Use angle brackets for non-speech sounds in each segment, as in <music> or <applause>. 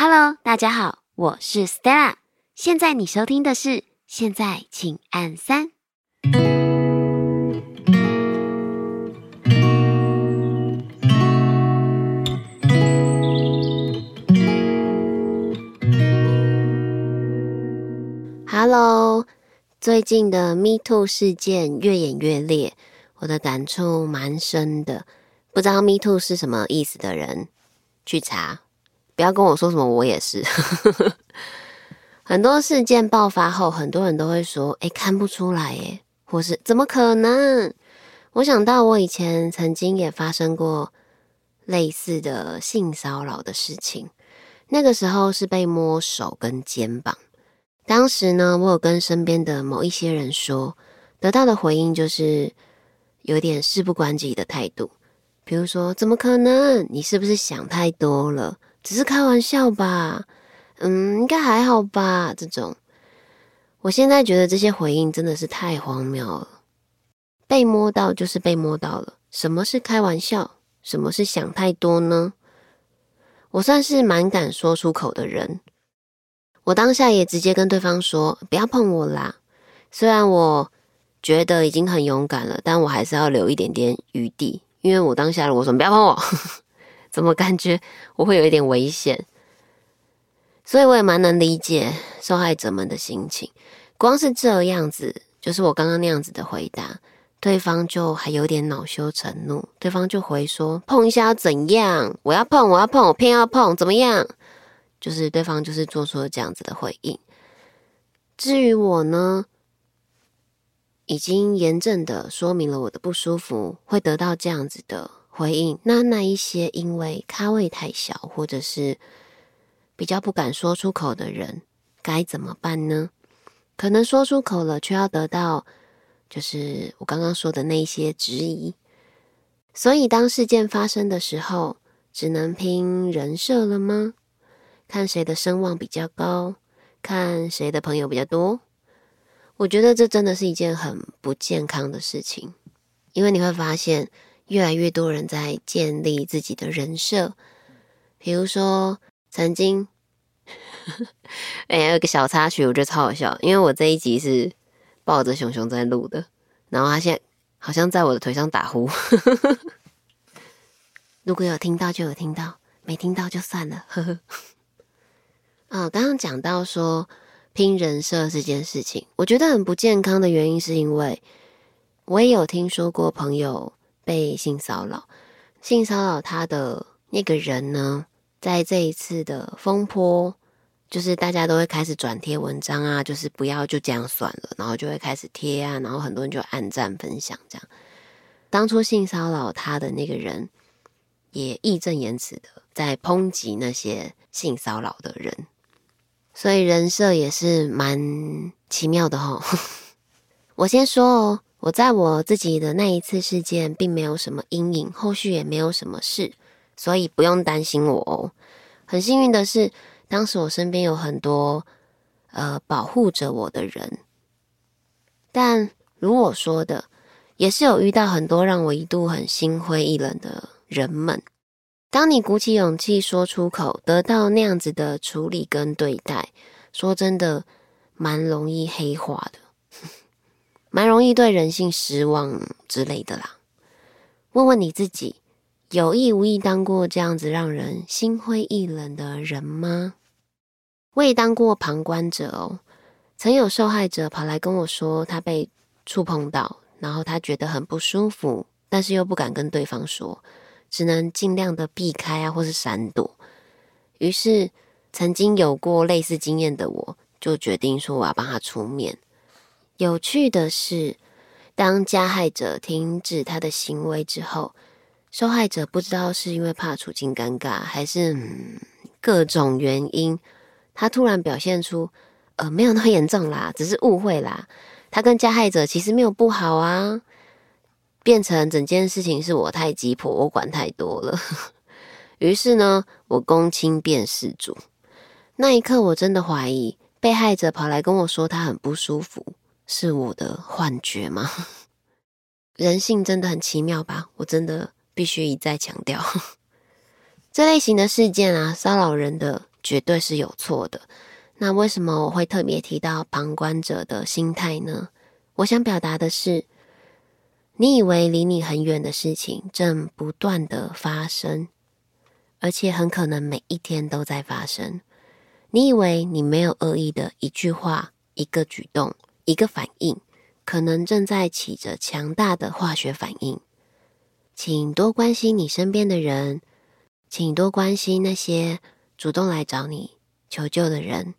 Hello，大家好，我是 Stella。現在你收聽的是，現在請按三。Hello，最近的 Me Too 事件越演越烈，我的感觸蠻深的。不知道 Me Too 是什麼意思的人，去查。不要跟我說什麼，我也是。 <laughs> 很多事件爆發後，很多人都會說：“誒、欸、看不出來耶，或是怎麼可能？”我想到我以前曾經也發生過類似的性騷擾的事情，那個時候是被摸手跟肩膀。當時呢，我有跟身邊的某一些人說，得到的回應就是有點事不關己的態度，比如說：“怎麼可能？你是不是想太多了？”只是開玩笑吧，嗯，應該還好吧。這種，我現在覺得這些回應真的是太荒謬了。被摸到就是被摸到了，什麼是開玩笑？什麼是想太多呢？我算是蠻敢說出口的人，我當下也直接跟對方說不要碰我啦。雖然我覺得已經很勇敢了，但我還是要留一點點餘地，因為我當下如果說不要碰我。 <laughs> 怎麼感覺我會有一點危險？所以我也蠻能理解受害者們的心情。光是這樣子，就是我剛剛那樣子的回答，對方就還有點惱羞成怒。對方就回說：“碰一下要怎樣？我要碰，我要碰，我偏要碰，怎麼樣？”就是對方就是做出了這樣子的回應。至於我呢？已經嚴正的說明了我的不舒服，會得到這樣子的回應。那那一些因為咖位太小或者是比較不敢說出口的人該怎麼辦呢？可能說出口了，卻要得到就是我剛剛說的那些質疑。所以當事件發生的時候，只能拼人設了嗎？看誰的聲望比較高，看誰的朋友比較多。我覺得這真的是一件很不健康的事情，因為你會發現。越來越多人在建立自己的人設，比如說曾經，哎、 <laughs> 欸，有個小插曲，我覺得超好笑，因為我這一集是抱着熊熊在錄的，然後他現在好像在我的腿上打呼。 <laughs> 如果有聽到就有聽到，沒聽到就算了。啊、 <laughs> 哦，剛剛講到說拼人設這件事情，我覺得很不健康的原因，是因為我也有聽說過朋友。被性騷擾，性騷擾他的那個人呢，在這一次的風波，就是大家都會開始轉貼文章啊，就是不要就這樣算了，然後就會開始貼啊，然後很多人就按讚分享這樣。當初性騷擾他的那個人，也義正言辭的在抨擊那些性騷擾的人，所以人設也是蠻奇妙的齁、哦。 <laughs> 我先說哦。我在我自己的那一次事件，並沒有什麼陰影，後續也沒有什麼事，所以不用擔心我哦。很幸運的是，當時我身邊有很多呃保護着我的人。但如我說的，也是有遇到很多讓我一度很心灰意冷的人們。當你鼓起勇氣說出口，得到那樣子的處理跟對待，說真的，蠻容易黑化的。 <laughs> 蠻容易對人性失望之類的啦。問問你自己，有意無意當過這樣子讓人心灰意冷的人嗎？我也當過旁觀者哦。曾有受害者跑來跟我說，他被觸碰到，然後他覺得很不舒服，但是又不敢跟對方說，只能盡量的避開啊，或是閃躲。於是，曾經有過類似經驗的我，就決定說我要幫他出面。有趣的是，當加害者停止他的行為之後，受害者不知道是因為怕處境尷尬，還是、嗯、各種原因，他突然表現出，呃，沒有那麼嚴重啦，只是誤會啦。他跟加害者其實沒有不好啊，變成整件事情是我太急迫，我管太多了。 <laughs> 於是呢，我公親變事主。那一刻，我真的懷疑被害者跑來跟我說，他很不舒服。是我的幻覺嗎？人性真的很奇妙吧？我真的必須一再強調， <laughs> 這類型的事件啊，騷擾人的絕對是有錯的。那為什麼我會特別提到旁觀者的心態呢？我想表達的是，你以為離你很遠的事情正不斷的發生，而且很可能每一天都在發生。你以為你沒有惡意的一句話、一個舉動。一個反應，可能正在起着強大的化學反應，請多關心你身邊的人，請多關心那些主動來找你求救的人。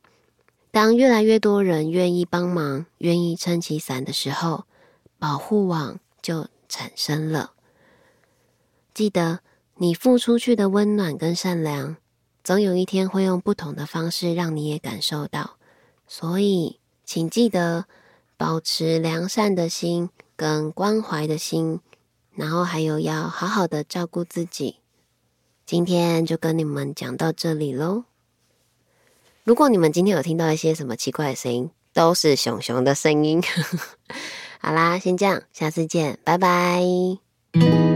當越來越多人願意幫忙、願意撐起傘的時候，保護網就產生了。記得你付出去的溫暖跟善良，總有一天會用不同的方式讓你也感受到。所以，請記得。保持良善的心跟關懷的心，然後還有要好好的照顧自己。今天就跟你們講到這裡咯。如果你們今天有聽到一些什麼奇怪的聲音，都是熊熊的聲音。 <laughs> 好啦，先這樣，下次見，拜拜。嗯